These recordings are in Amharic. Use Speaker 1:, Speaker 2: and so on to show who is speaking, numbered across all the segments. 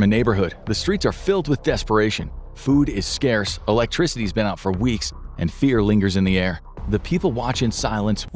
Speaker 1: A neighborhood, the streets are filled with desperation. Food is scarce, electricity's been out for weeks, and fear lingers in the air.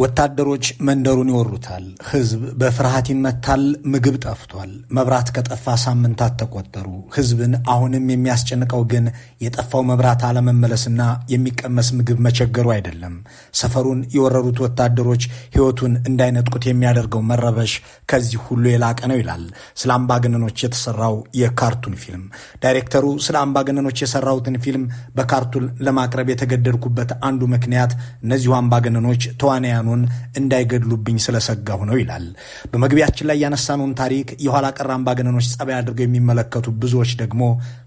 Speaker 1: ወታደሮች መንደሩን ይወሩታል። ህዝብ በፍርሃት ይመታል። ምግብ ጠፍቷል። መብራት ከጠፋ ሳምንታት ተቆጠሩ። ህዝብን አሁንም የሚያስጨንቀው ግን የጠፋው መብራት አለመመለስና የሚቀመስ ምግብ መቸገሩ አይደለም። ሰፈሩን የወረሩት ወታደሮች ህይወቱን እንዳይነጥቁት የሚያደርገው መረበሽ ከዚህ ሁሉ የላቀ ነው ይላል ስለ አምባገነኖች የተሰራው የካርቱን ፊልም። ዳይሬክተሩ ስለ አምባገነኖች የሰራሁትን ፊልም በካርቱን ለማቅረብ የተገደድኩበት አንዱ ምክንያት እነዚሁ አምባገነኖች ተዋናያኑን እንዳይገድሉብኝ ስለሰጋሁ ነው ይላል። በመግቢያችን ላይ ያነሳነውን ታሪክ የኋላ ቀር አምባገነኖች ጸባይ አድርገው የሚመለከቱ ብዙዎች ደግሞ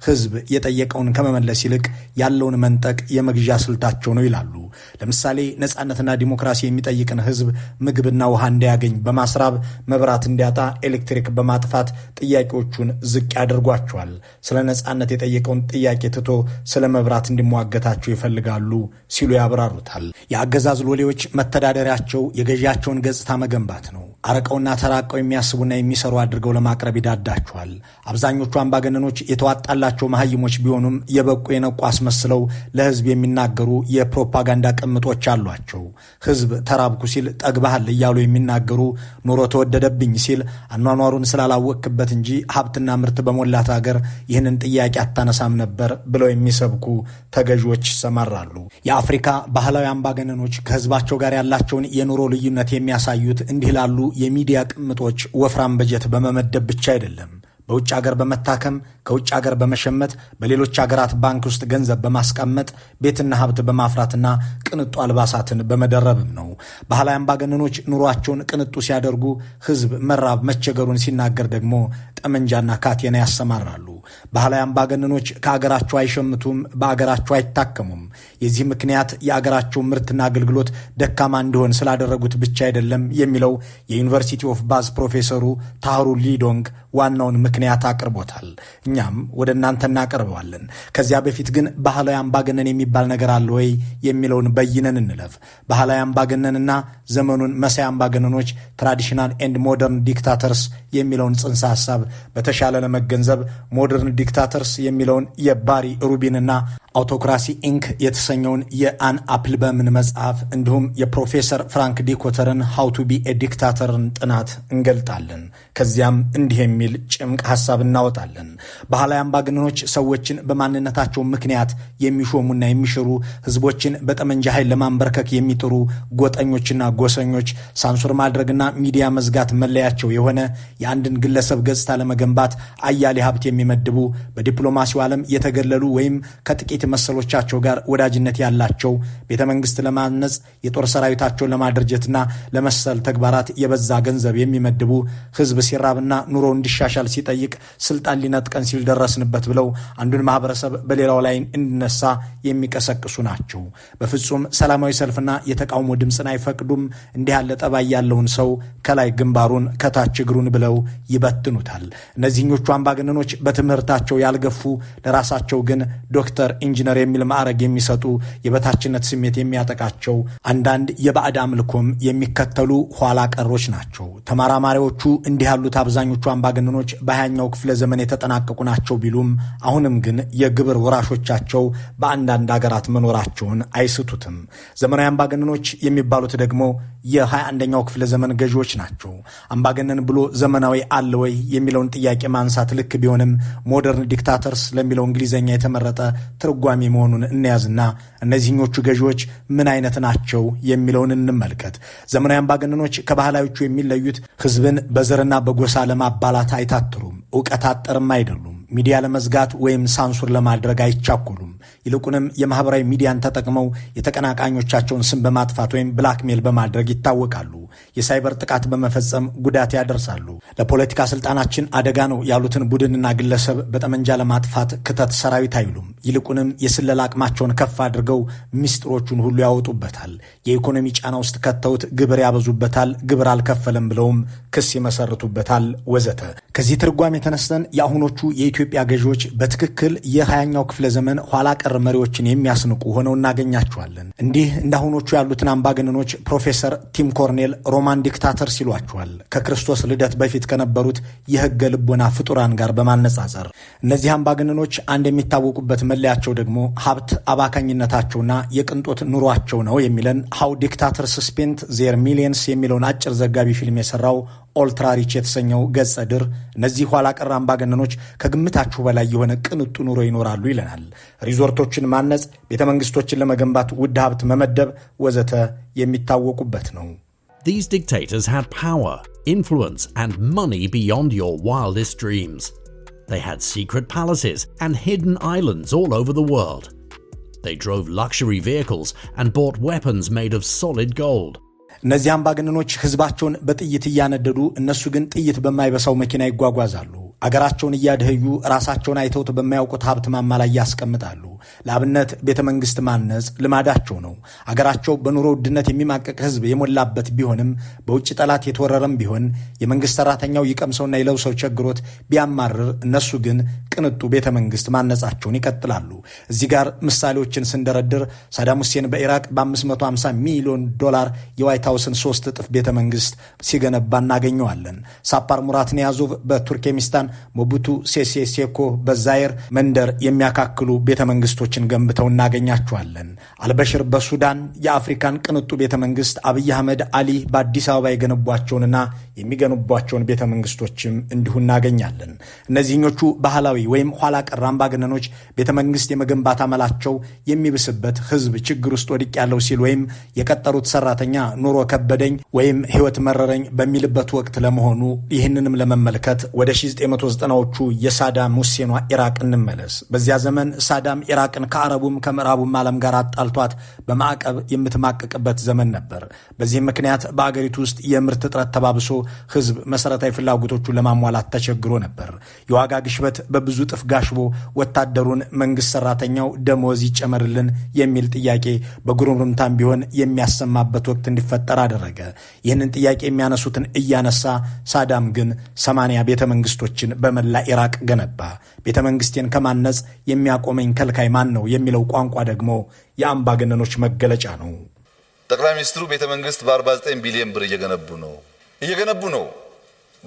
Speaker 1: ህዝብ የጠየቀውን ከመመለስ ይልቅ ያለውን መንጠቅ የመግዣ ስልታቸው ነው ይላሉ። ለምሳሌ ነጻነትና ዲሞክራሲ የሚጠይቅን ህዝብ ምግብና ውሃ እንዳያገኝ በማስራብ መብራት እንዲያጣ ኤሌክትሪክ በማጥፋት ጥያቄዎቹን ዝቅ ያደርጓቸዋል። ስለ ነጻነት የጠየቀውን ጥያቄ ትቶ ስለ መብራት እንዲሟገታቸው ይፈልጋሉ ሲሉ ያብራሩታል። የአገዛዝ ሎሌዎች መተዳደሪያቸው የገዢያቸውን ገጽታ መገንባት ነው። አረቀውና ተራቀው የሚያስቡና የሚሰሩ አድርገው ለማቅረብ ይዳዳቸዋል። አብዛኞቹ አምባገነኖች የተዋጣላቸው መሐይሞች ቢሆኑም የበቁ የነቁ አስመስለው ለህዝብ የሚናገሩ የፕሮፓጋንዳ ቅምጦች አሏቸው። ህዝብ ተራብኩ ሲል ጠግባሃል እያሉ የሚናገሩ፣ ኑሮ ተወደደብኝ ሲል አኗኗሩን ስላላወቅክበት እንጂ ሀብትና ምርት በሞላት አገር ይህንን ጥያቄ አታነሳም ነበር ብለው የሚሰብኩ ተገዢዎች ይሰማራሉ። የአፍሪካ ባህላዊ አምባገነ መኮንኖች ከህዝባቸው ጋር ያላቸውን የኑሮ ልዩነት የሚያሳዩት እንዲህ ላሉ የሚዲያ ቅምጦች ወፍራም በጀት በመመደብ ብቻ አይደለም። በውጭ አገር በመታከም ከውጭ አገር በመሸመት በሌሎች አገራት ባንክ ውስጥ ገንዘብ በማስቀመጥ ቤትና ሀብት በማፍራትና ቅንጡ አልባሳትን በመደረብም ነው። ባህላዊ አምባገነኖች ኑሯቸውን ቅንጡ ሲያደርጉ ህዝብ መራብ መቸገሩን ሲናገር ደግሞ ጠመንጃና ካቴና ያሰማራሉ። ባህላዊ አምባገነኖች ከአገራቸው አይሸምቱም፣ በአገራቸው አይታከሙም። የዚህ ምክንያት የአገራቸው ምርትና አገልግሎት ደካማ እንዲሆን ስላደረጉት ብቻ አይደለም የሚለው የዩኒቨርሲቲ ኦፍ ባዝ ፕሮፌሰሩ ታህሩ ሊዶንግ ዋናውን ምክንያት አቅርቦታል። እኛም ወደ እናንተ እናቀርበዋለን። ከዚያ በፊት ግን ባህላዊ አምባገነን የሚባል ነገር አለ ወይ የሚለውን በይነን እንለፍ። ባህላዊ አምባገነንና ዘመኑን መሳይ አምባገነኖች ትራዲሽናል ኤንድ ሞደርን ዲክታተርስ የሚለውን ጽንሰ ሀሳብ በተሻለ ለመገንዘብ ሞደርን ዲክታተርስ የሚለውን የባሪ ሩቢንና አውቶክራሲ ኢንክ የተሰኘውን የአን አፕልበምን መጽሐፍ እንዲሁም የፕሮፌሰር ፍራንክ ዲኮተርን ሀው ቱ ቢ ኤ ዲክታተርን ጥናት እንገልጣለን። ከዚያም እንዲህ የሚል ጭምቅ ሀሳብ እናወጣለን። ባህላዊ አምባገነኖች ሰዎችን በማንነታቸው ምክንያት የሚሾሙና የሚሽሩ ህዝቦችን በጠመንጃ ኃይል ለማንበርከክ የሚጥሩ ጎጠኞችና ጎሰኞች ሳንሱር ማድረግና ሚዲያ መዝጋት መለያቸው የሆነ የአንድን ግለሰብ ገጽታ ለመገንባት አያሌ ሀብት የሚመድቡ በዲፕሎማሲው ዓለም የተገለሉ ወይም ከጥቂት ከመሰሎቻቸው ጋር ወዳጅነት ያላቸው ቤተ መንግስት ለማነጽ የጦር ሰራዊታቸውን ለማድርጀትና ለመሰል ተግባራት የበዛ ገንዘብ የሚመድቡ ህዝብ ሲራብና ኑሮ እንዲሻሻል ሲጠይቅ ስልጣን ሊነጥቀን ሲል ደረስንበት ብለው አንዱን ማህበረሰብ በሌላው ላይ እንዲነሳ የሚቀሰቅሱ ናቸው። በፍጹም ሰላማዊ ሰልፍና የተቃውሞ ድምፅን አይፈቅዱም። እንዲህ ያለ ጠባይ ያለውን ሰው ከላይ ግንባሩን ከታች እግሩን ብለው ይበትኑታል። እነዚህኞቹ አምባገነኖች በትምህርታቸው ያልገፉ ለራሳቸው ግን ዶክተር ኢንጂነር የሚል ማዕረግ የሚሰጡ የበታችነት ስሜት የሚያጠቃቸው አንዳንድ የባዕድ አምልኮም የሚከተሉ ኋላ ቀሮች ናቸው። ተመራማሪዎቹ እንዲህ ያሉት አብዛኞቹ አምባገነኖች በሀያኛው ክፍለ ዘመን የተጠናቀቁ ናቸው ቢሉም አሁንም ግን የግብር ወራሾቻቸው በአንዳንድ አገራት መኖራቸውን አይስቱትም። ዘመናዊ አምባገነኖች የሚባሉት ደግሞ የ21ኛው ክፍለ ዘመን ገዢዎች ናቸው። አምባገነን ብሎ ዘመናዊ አለ ወይ የሚለውን ጥያቄ ማንሳት ልክ ቢሆንም ሞደርን ዲክታተርስ ለሚለው እንግሊዝኛ የተመረጠ ትርጓሜ መሆኑን እንያዝና እነዚህኞቹ ገዢዎች ምን አይነት ናቸው የሚለውን እንመልከት። ዘመናዊ አምባገነኖች ከባህላዮቹ የሚለዩት ህዝብን በዘርና በጎሳ ለማባላት አይታትሩም፣ እውቀት አጠርም አይደሉም፣ ሚዲያ ለመዝጋት ወይም ሳንሱር ለማድረግ አይቻኮሉም። ይልቁንም የማህበራዊ ሚዲያን ተጠቅመው የተቀናቃኞቻቸውን ስም በማጥፋት ወይም ብላክሜል በማድረግ ይታወቃሉ። የሳይበር ጥቃት በመፈጸም ጉዳት ያደርሳሉ፣ ለፖለቲካ ስልጣናችን አደጋ ነው ያሉትን ቡድንና ግለሰብ በጠመንጃ ለማጥፋት ክተት ሰራዊት አይሉም። ይልቁንም የስለላ አቅማቸውን ከፍ አድርገው ሚስጥሮቹን ሁሉ ያወጡበታል። የኢኮኖሚ ጫና ውስጥ ከተውት ግብር ያበዙበታል፣ ግብር አልከፈለም ብለውም ክስ ይመሰርቱበታል ወዘተ። ከዚህ ትርጓም የተነስተን የአሁኖቹ የኢትዮጵያ ገዢዎች በትክክል የሃያኛው ክፍለ ዘመን ኋላ ቀር መሪዎችን የሚያስንቁ ሆነው እናገኛቸዋለን። እንዲህ እንደ አሁኖቹ ያሉትን አምባገነኖች ፕሮፌሰር ቲም ኮርኔል ሮማን ዲክታተር ሲሏቸዋል። ከክርስቶስ ልደት በፊት ከነበሩት የህገ ልቦና ፍጡራን ጋር በማነጻጸር እነዚህ አምባገነኖች አንድ የሚታወቁበት መለያቸው ደግሞ ሀብት አባካኝነታቸውና የቅንጦት ኑሯቸው ነው የሚለን ሀው ዲክታተር ስስፔንት ዜር ሚሊየንስ የሚለውን አጭር ዘጋቢ ፊልም የሰራው ኦልትራሪች የተሰኘው ገጸ ድር እነዚህ ኋላ ቀር አምባገነኖች ከግምታችሁ በላይ የሆነ ቅንጡ ኑሮ ይኖራሉ ይለናል። ሪዞርቶችን ማነጽ፣ ቤተ መንግስቶችን ለመገንባት ውድ ሀብት መመደብ ወዘተ የሚታወቁበት ነው። These dictators had power, influence, and money beyond your wildest dreams. They had secret palaces and hidden islands all over the world. They drove luxury vehicles and bought weapons made of solid gold. እነዚህ አምባገነኖች ህዝባቸውን በጥይት እያነደዱ እነሱ ግን ጥይት በማይበሳው መኪና ይጓጓዛሉ። አገራቸውን እያደህዩ ራሳቸውን አይተውት በማያውቁት ሀብት ማማ ላይ ያስቀምጣሉ። ለአብነት ቤተ መንግስት ማነጽ ልማዳቸው ነው። አገራቸው በኑሮ ውድነት የሚማቀቅ ህዝብ የሞላበት ቢሆንም በውጭ ጠላት የተወረረም ቢሆን የመንግስት ሰራተኛው ይቀምሰውና ይለብሰው ቸግሮት ቢያማርር፣ እነሱ ግን ቅንጡ ቤተ መንግስት ማነጻቸውን ይቀጥላሉ። እዚህ ጋር ምሳሌዎችን ስንደረድር ሳዳም ሁሴን በኢራቅ በ550 ሚሊዮን ዶላር የዋይት ሀውስን ሶስት እጥፍ ቤተ መንግስት ሲገነባ እናገኘዋለን። ሳፓር ሙራት ኒያዞቭ በቱርኬሚስታን፣ ሞቡቱ ሴሴሴኮ በዛይር መንደር የሚያካክሉ ቤተ መንግስት መንግስቶችን ገንብተው እናገኛቸዋለን። አልበሽር በሱዳን የአፍሪካን ቅንጡ ቤተ መንግስት፣ አብይ አህመድ አሊ በአዲስ አበባ የገነቧቸውንና የሚገነቧቸውን ቤተ መንግስቶችም እንዲሁ እናገኛለን። እነዚህኞቹ ባህላዊ ወይም ኋላ ቀር አምባገነኖች ቤተ መንግስት የመገንባት አመላቸው የሚብስበት ህዝብ ችግር ውስጥ ወድቅ ያለው ሲል ወይም የቀጠሩት ሰራተኛ ኑሮ ከበደኝ ወይም ህይወት መረረኝ በሚልበት ወቅት ለመሆኑ ይህንንም ለመመልከት ወደ 1990ዎቹ የሳዳም ሁሴኗ ኢራቅ እንመለስ። በዚያ ዘመን ሳዳም ኢራቅን ከአረቡም ከምዕራቡም ዓለም ጋር አጣልቷት በማዕቀብ የምትማቀቅበት ዘመን ነበር። በዚህም ምክንያት በአገሪቱ ውስጥ የምርት እጥረት ተባብሶ ህዝብ መሠረታዊ ፍላጎቶቹን ለማሟላት ተቸግሮ ነበር። የዋጋ ግሽበት በብዙ ጥፍ ጋሽቦ ወታደሩን መንግሥት ሠራተኛው ደሞዝ ይጨመርልን የሚል ጥያቄ በጉርምርምታም ቢሆን የሚያሰማበት ወቅት እንዲፈጠር አደረገ። ይህንን ጥያቄ የሚያነሱትን እያነሳ ሳዳም ግን ሰማንያ ቤተ መንግሥቶችን በመላ ኢራቅ ገነባ። ቤተ መንግሥቴን ከማነጽ የሚያቆመኝ ከልካይ በላይ ማን ነው የሚለው ቋንቋ ደግሞ የአምባገነኖች መገለጫ ነው። ጠቅላይ ሚኒስትሩ ቤተ መንግስት በ49 ቢሊዮን ብር እየገነቡ ነው እየገነቡ ነው።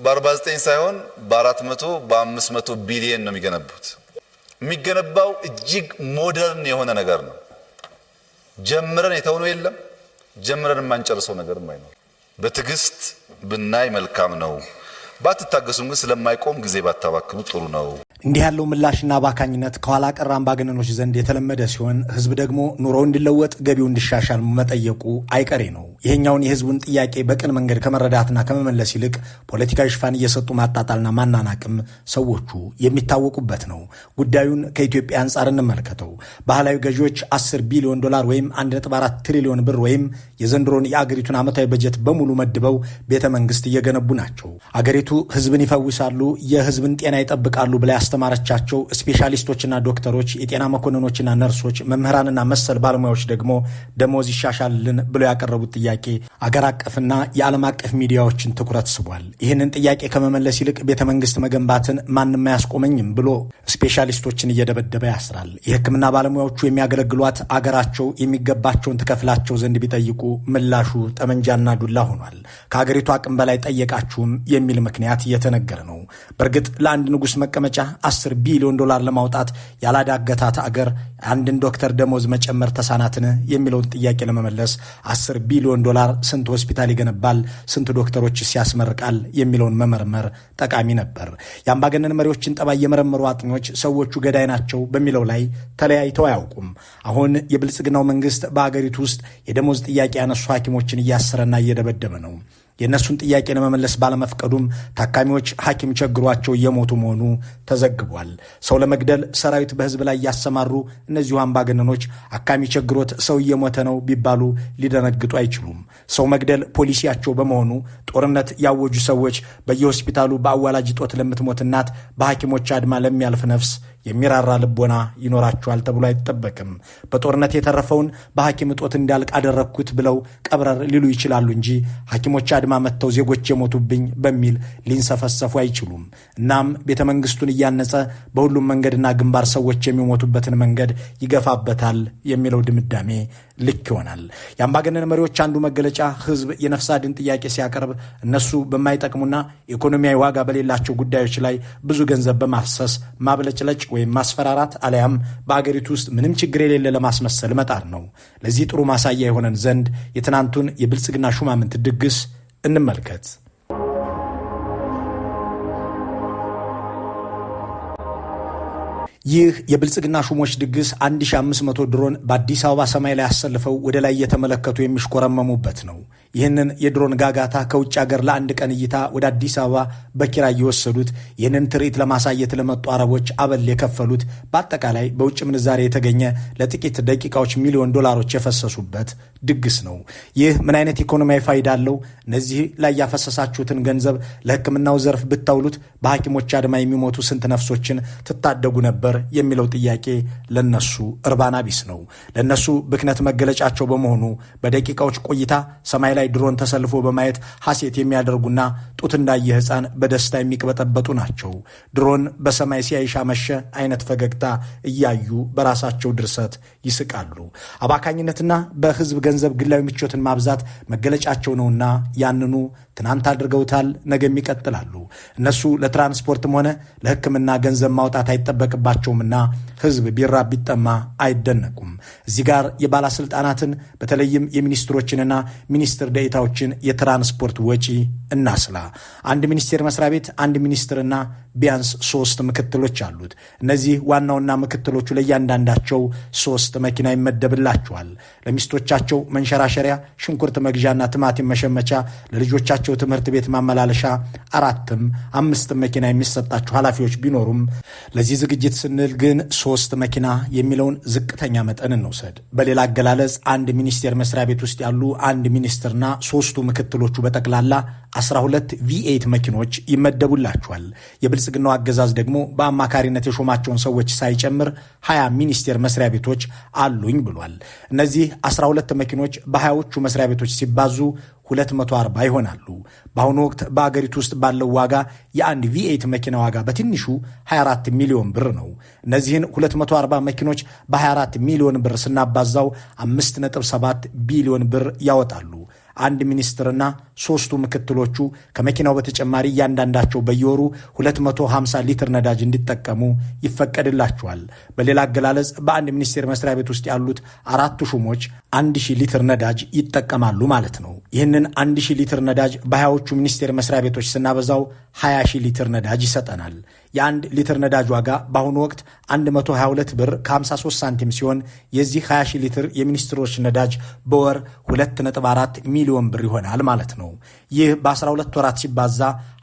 Speaker 1: በ49 ሳይሆን በ400 በ500 ቢሊዮን ነው የሚገነቡት። የሚገነባው እጅግ ሞደርን የሆነ ነገር ነው። ጀምረን የተውነው የለም፣ ጀምረን የማንጨርሰው ነገርም አይኖር። በትዕግስት ብናይ መልካም ነው። ባትታገሱም ግን ስለማይቆም ጊዜ ባታባክኑ ጥሩ ነው። እንዲህ ያለው ምላሽና ባካኝነት ከኋላ ቀር አምባገነኖች ዘንድ የተለመደ ሲሆን ህዝብ ደግሞ ኑሮ እንዲለወጥ ገቢው እንዲሻሻል መጠየቁ አይቀሬ ነው። ይሄኛውን የህዝቡን ጥያቄ በቅን መንገድ ከመረዳትና ከመመለስ ይልቅ ፖለቲካዊ ሽፋን እየሰጡ ማጣጣልና ማናናቅም ሰዎቹ የሚታወቁበት ነው። ጉዳዩን ከኢትዮጵያ አንጻር እንመልከተው። ባህላዊ ገዢዎች 10 ቢሊዮን ዶላር ወይም 1.4 ትሪሊዮን ብር ወይም የዘንድሮን የአገሪቱን ዓመታዊ በጀት በሙሉ መድበው ቤተ መንግስት እየገነቡ ናቸው። አገሪቱ ህዝብን ይፈውሳሉ፣ የህዝብን ጤና ይጠብቃሉ ብላ ያስተማረቻቸው ስፔሻሊስቶችና ዶክተሮች፣ የጤና መኮንኖችና ነርሶች፣ መምህራንና መሰል ባለሙያዎች ደግሞ ደሞዝ ይሻሻልልን ብለው ያቀረቡት ጥያቄ አገር አቀፍና የዓለም አቀፍ ሚዲያዎችን ትኩረት ስቧል። ይህንን ጥያቄ ከመመለስ ይልቅ ቤተ መንግስት መገንባትን ማንም አያስቆመኝም ብሎ ስፔሻሊስቶችን እየደበደበ ያስራል። የህክምና ባለሙያዎቹ የሚያገለግሏት አገራቸው የሚገባቸውን ትከፍላቸው ዘንድ ቢጠይቁ ምላሹ ጠመንጃና ዱላ ሆኗል። ከአገሪቱ አቅም በላይ ጠየቃችሁም የሚል ምክንያት እየተነገረ ነው። በእርግጥ ለአንድ ንጉሥ መቀመጫ 10 ቢሊዮን ዶላር ለማውጣት ያላዳገታት አገር አንድን ዶክተር ደሞዝ መጨመር ተሳናትን የሚለውን ጥያቄ ለመመለስ 10 ቢሊዮን ዶላር ስንት ሆስፒታል ይገነባል፣ ስንት ዶክተሮች ያስመርቃል የሚለውን መመርመር ጠቃሚ ነበር። የአምባገነን መሪዎችን ጠባይ የመረመሩ አጥኞች ሰዎቹ ገዳይ ናቸው በሚለው ላይ ተለያይተው አያውቁም። አሁን የብልጽግናው መንግስት በአገሪቱ ውስጥ የደሞዝ ጥያቄ ያነሱ ሐኪሞችን እያሰረና እየደበደበ ነው። የእነሱን ጥያቄ ለመመለስ ባለመፍቀዱም ታካሚዎች ሐኪም ቸግሯቸው እየሞቱ መሆኑ ተዘግቧል። ሰው ለመግደል ሰራዊት በህዝብ ላይ ያሰማሩ እነዚሁ አምባገነኖች አካሚ ቸግሮት ሰው እየሞተ ነው ቢባሉ ሊደነግጡ አይችሉም። ሰው መግደል ፖሊሲያቸው በመሆኑ ጦርነት ያወጁ ሰዎች በየሆስፒታሉ በአዋላጅ ጦት ለምትሞት እናት፣ በሐኪሞች አድማ ለሚያልፍ ነፍስ የሚራራ ልቦና ይኖራቸዋል ተብሎ አይጠበቅም። በጦርነት የተረፈውን በሐኪም እጦት እንዲያልቅ አደረግኩት ብለው ቀብረር ሊሉ ይችላሉ እንጂ ሐኪሞች አድማ መጥተው ዜጎች የሞቱብኝ በሚል ሊንሰፈሰፉ አይችሉም። እናም ቤተ መንግስቱን እያነጸ በሁሉም መንገድና ግንባር ሰዎች የሚሞቱበትን መንገድ ይገፋበታል የሚለው ድምዳሜ ልክ ይሆናል። የአምባገነን መሪዎች አንዱ መገለጫ ህዝብ የነፍስ አድን ጥያቄ ሲያቀርብ እነሱ በማይጠቅሙና ኢኮኖሚያዊ ዋጋ በሌላቸው ጉዳዮች ላይ ብዙ ገንዘብ በማፍሰስ ማብለጭለጭ ወይም ማስፈራራት አለያም በአገሪቱ ውስጥ ምንም ችግር የሌለ ለማስመሰል መጣር ነው። ለዚህ ጥሩ ማሳያ የሆነን ዘንድ የትናንቱን የብልጽግና ሹማምንት ድግስ እንመልከት። ይህ የብልጽግና ሹሞች ድግስ 1500 ድሮን በአዲስ አበባ ሰማይ ላይ አሰልፈው ወደ ላይ እየተመለከቱ የሚሽኮረመሙበት ነው። ይህንን የድሮን ጋጋታ ከውጭ ሀገር ለአንድ ቀን እይታ ወደ አዲስ አበባ በኪራይ የወሰዱት፣ ይህንን ትርኢት ለማሳየት ለመጡ አረቦች አበል የከፈሉት፣ በአጠቃላይ በውጭ ምንዛሬ የተገኘ ለጥቂት ደቂቃዎች ሚሊዮን ዶላሮች የፈሰሱበት ድግስ ነው። ይህ ምን አይነት ኢኮኖሚያዊ ፋይዳ አለው? እነዚህ ላይ ያፈሰሳችሁትን ገንዘብ ለሕክምናው ዘርፍ ብታውሉት በሐኪሞች አድማ የሚሞቱ ስንት ነፍሶችን ትታደጉ ነበር? ነበር የሚለው ጥያቄ ለነሱ እርባና ቢስ ነው። ለነሱ ብክነት መገለጫቸው በመሆኑ በደቂቃዎች ቆይታ ሰማይ ላይ ድሮን ተሰልፎ በማየት ሐሴት የሚያደርጉና ጡት እንዳየ ሕፃን በደስታ የሚቅበጠበጡ ናቸው። ድሮን በሰማይ ሲያይሻ መሸ አይነት ፈገግታ እያዩ በራሳቸው ድርሰት ይስቃሉ። አባካኝነትና በህዝብ ገንዘብ ግላዊ ምቾትን ማብዛት መገለጫቸው ነውና ያንኑ ትናንት አድርገውታል፣ ነገም ይቀጥላሉ። እነሱ ለትራንስፖርትም ሆነ ለሕክምና ገንዘብ ማውጣት አይጠበቅባቸው የላቸውምና ህዝብ ቢራ ቢጠማ አይደነቁም። እዚህ ጋር የባለስልጣናትን በተለይም የሚኒስትሮችንና ሚኒስትር ደኢታዎችን የትራንስፖርት ወጪ እናስላ። አንድ ሚኒስቴር መስሪያ ቤት አንድ ሚኒስትርና ቢያንስ ሶስት ምክትሎች አሉት። እነዚህ ዋናውና ምክትሎቹ ለእያንዳንዳቸው ሶስት መኪና ይመደብላቸዋል። ለሚስቶቻቸው መንሸራሸሪያ፣ ሽንኩርት መግዣና ትማቲም መሸመቻ፣ ለልጆቻቸው ትምህርት ቤት ማመላለሻ አራትም አምስትም መኪና የሚሰጣቸው ኃላፊዎች ቢኖሩም ለዚህ ዝግጅት ስንል ግን ሶስት መኪና የሚለውን ዝቅተኛ መጠን እንውሰድ። በሌላ አገላለጽ አንድ ሚኒስቴር መስሪያ ቤት ውስጥ ያሉ አንድ ሚኒስትርና ሶስቱ ምክትሎቹ በጠቅላላ 12 ቪኤት መኪኖች ይመደቡላቸዋል። የብልጽግናው አገዛዝ ደግሞ በአማካሪነት የሾማቸውን ሰዎች ሳይጨምር 20 ሚኒስቴር መስሪያ ቤቶች አሉኝ ብሏል። እነዚህ 12 መኪኖች በሀያዎቹ መስሪያ ቤቶች ሲባዙ 240 ይሆናሉ። በአሁኑ ወቅት በአገሪቱ ውስጥ ባለው ዋጋ የአንድ ቪኤት መኪና ዋጋ በትንሹ 24 ሚሊዮን ብር ነው። እነዚህን 240 መኪኖች በ24 ሚሊዮን ብር ስናባዛው 5.7 ቢሊዮን ብር ያወጣሉ። አንድ ሚኒስትርና ሶስቱ ምክትሎቹ ከመኪናው በተጨማሪ እያንዳንዳቸው በየወሩ 250 ሊትር ነዳጅ እንዲጠቀሙ ይፈቀድላቸዋል። በሌላ አገላለጽ በአንድ ሚኒስቴር መስሪያ ቤት ውስጥ ያሉት አራቱ ሹሞች 1000 ሊትር ነዳጅ ይጠቀማሉ ማለት ነው። ይህንን 1000 ሊትር ነዳጅ በሀያዎቹ ሚኒስቴር መስሪያ ቤቶች ስናበዛው 20 ሺህ ሊትር ነዳጅ ይሰጠናል። የአንድ ሊትር ነዳጅ ዋጋ በአሁኑ ወቅት 122 ብር ከ53 ሳንቲም ሲሆን የዚህ 20 ሺህ ሊትር የሚኒስትሮች ነዳጅ በወር 2.4 ሚሊዮን ብር ይሆናል ማለት ነው። ይህ በ12 ወራት ሲባዛ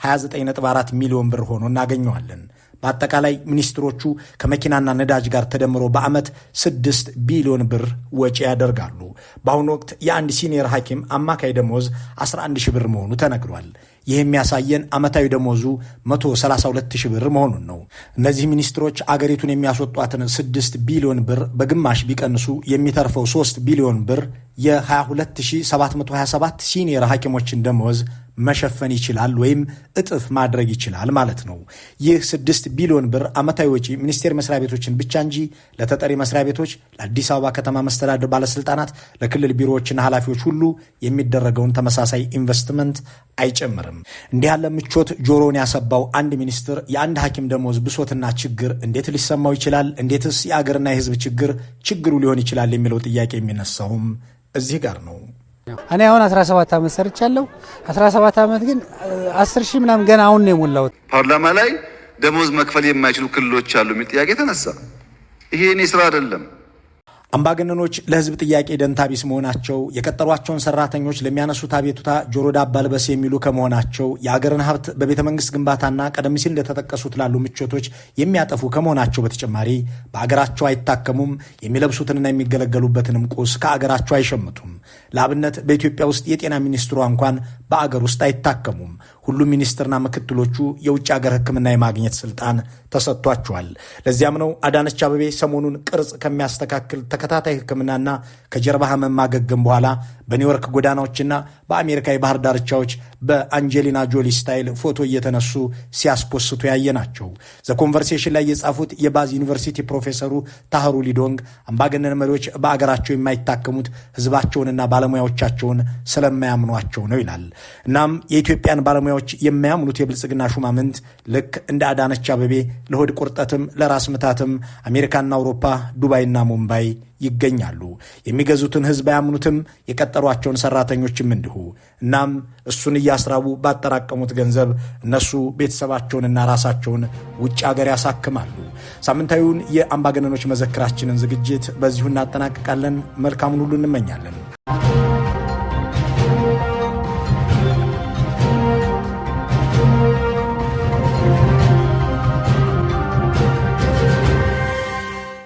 Speaker 1: 29.4 ሚሊዮን ብር ሆኖ እናገኘዋለን። በአጠቃላይ ሚኒስትሮቹ ከመኪናና ነዳጅ ጋር ተደምሮ በዓመት ስድስት ቢሊዮን ብር ወጪ ያደርጋሉ። በአሁኑ ወቅት የአንድ ሲኒየር ሐኪም አማካይ ደሞዝ 11 ሺህ ብር መሆኑ ተነግሯል። ይህ የሚያሳየን ዓመታዊ ደሞዙ 132 ሺህ ብር መሆኑን ነው። እነዚህ ሚኒስትሮች አገሪቱን የሚያስወጧትን 6 ቢሊዮን ብር በግማሽ ቢቀንሱ የሚተርፈው 3 ቢሊዮን ብር የ22727 ሲኒየር ሐኪሞችን ደመወዝ መሸፈን ይችላል ወይም እጥፍ ማድረግ ይችላል ማለት ነው። ይህ ስድስት ቢሊዮን ብር ዓመታዊ ወጪ ሚኒስቴር መስሪያ ቤቶችን ብቻ እንጂ ለተጠሪ መስሪያ ቤቶች፣ ለአዲስ አበባ ከተማ መስተዳደር ባለስልጣናት፣ ለክልል ቢሮዎችና ኃላፊዎች ሁሉ የሚደረገውን ተመሳሳይ ኢንቨስትመንት አይጨምርም። እንዲህ ያለ ምቾት ጆሮውን ያሰባው አንድ ሚኒስትር የአንድ ሐኪም ደሞዝ ብሶትና ችግር እንዴት ሊሰማው ይችላል? እንዴትስ የአገርና የሕዝብ ችግር ችግሩ ሊሆን ይችላል የሚለው ጥያቄ የሚነሳውም እዚህ ጋር ነው። እኔ አሁን 17 ዓመት ሰርቻለሁ። 17 ዓመት ግን 10 ሺህ ምናምን ገና አሁን ነው የሞላሁት። ፓርላማ ላይ ደሞዝ መክፈል የማይችሉ ክልሎች አሉ የሚል ጥያቄ ተነሳ። ይሄ እኔ ስራ አይደለም። አምባገነኖች ለህዝብ ጥያቄ ደንታቢስ መሆናቸው የቀጠሯቸውን ሰራተኞች ለሚያነሱት አቤቱታ ጆሮ ዳባ ልበስ የሚሉ ከመሆናቸው የአገርን ሀብት በቤተ መንግስት ግንባታና ቀደም ሲል እንደተጠቀሱት ላሉ ምቾቶች የሚያጠፉ ከመሆናቸው በተጨማሪ በአገራቸው አይታከሙም፣ የሚለብሱትንና የሚገለገሉበትንም ቁስ ከአገራቸው አይሸምቱም። ለአብነት በኢትዮጵያ ውስጥ የጤና ሚኒስትሯ እንኳን በአገር ውስጥ አይታከሙም። ሁሉም ሚኒስትርና ምክትሎቹ የውጭ ሀገር ሕክምና የማግኘት ስልጣን ተሰጥቷቸዋል። ለዚያም ነው አዳነች አበቤ ሰሞኑን ቅርጽ ከሚያስተካክል ተከታታይ ሕክምናና ከጀርባ ህመም ማገገም በኋላ በኒውዮርክ ጎዳናዎችና በአሜሪካ የባህር ዳርቻዎች በአንጀሊና ጆሊ ስታይል ፎቶ እየተነሱ ሲያስፖስቱ ያየ ናቸው። ዘኮንቨርሴሽን ላይ የጻፉት የባዝ ዩኒቨርሲቲ ፕሮፌሰሩ ታህሩ ሊዶንግ አምባገነን መሪዎች በአገራቸው የማይታከሙት ህዝባቸውንና ባለሙያዎቻቸውን ስለማያምኗቸው ነው ይላል። እናም የኢትዮጵያን ባለሙያ መረጃዎች የሚያምኑት የብልጽግና ሹማምንት ልክ እንደ አዳነች አበቤ ለሆድ ቁርጠትም ለራስ ምታትም አሜሪካና አውሮፓ ዱባይና ሙምባይ ይገኛሉ። የሚገዙትን ህዝብ አያምኑትም፣ የቀጠሯቸውን ሰራተኞችም እንዲሁ። እናም እሱን እያስራቡ ባጠራቀሙት ገንዘብ እነሱ ቤተሰባቸውንና ራሳቸውን ውጭ ሀገር ያሳክማሉ። ሳምንታዊውን የአምባገነኖች መዘክራችንን ዝግጅት በዚሁ እናጠናቅቃለን። መልካሙን ሁሉ እንመኛለን።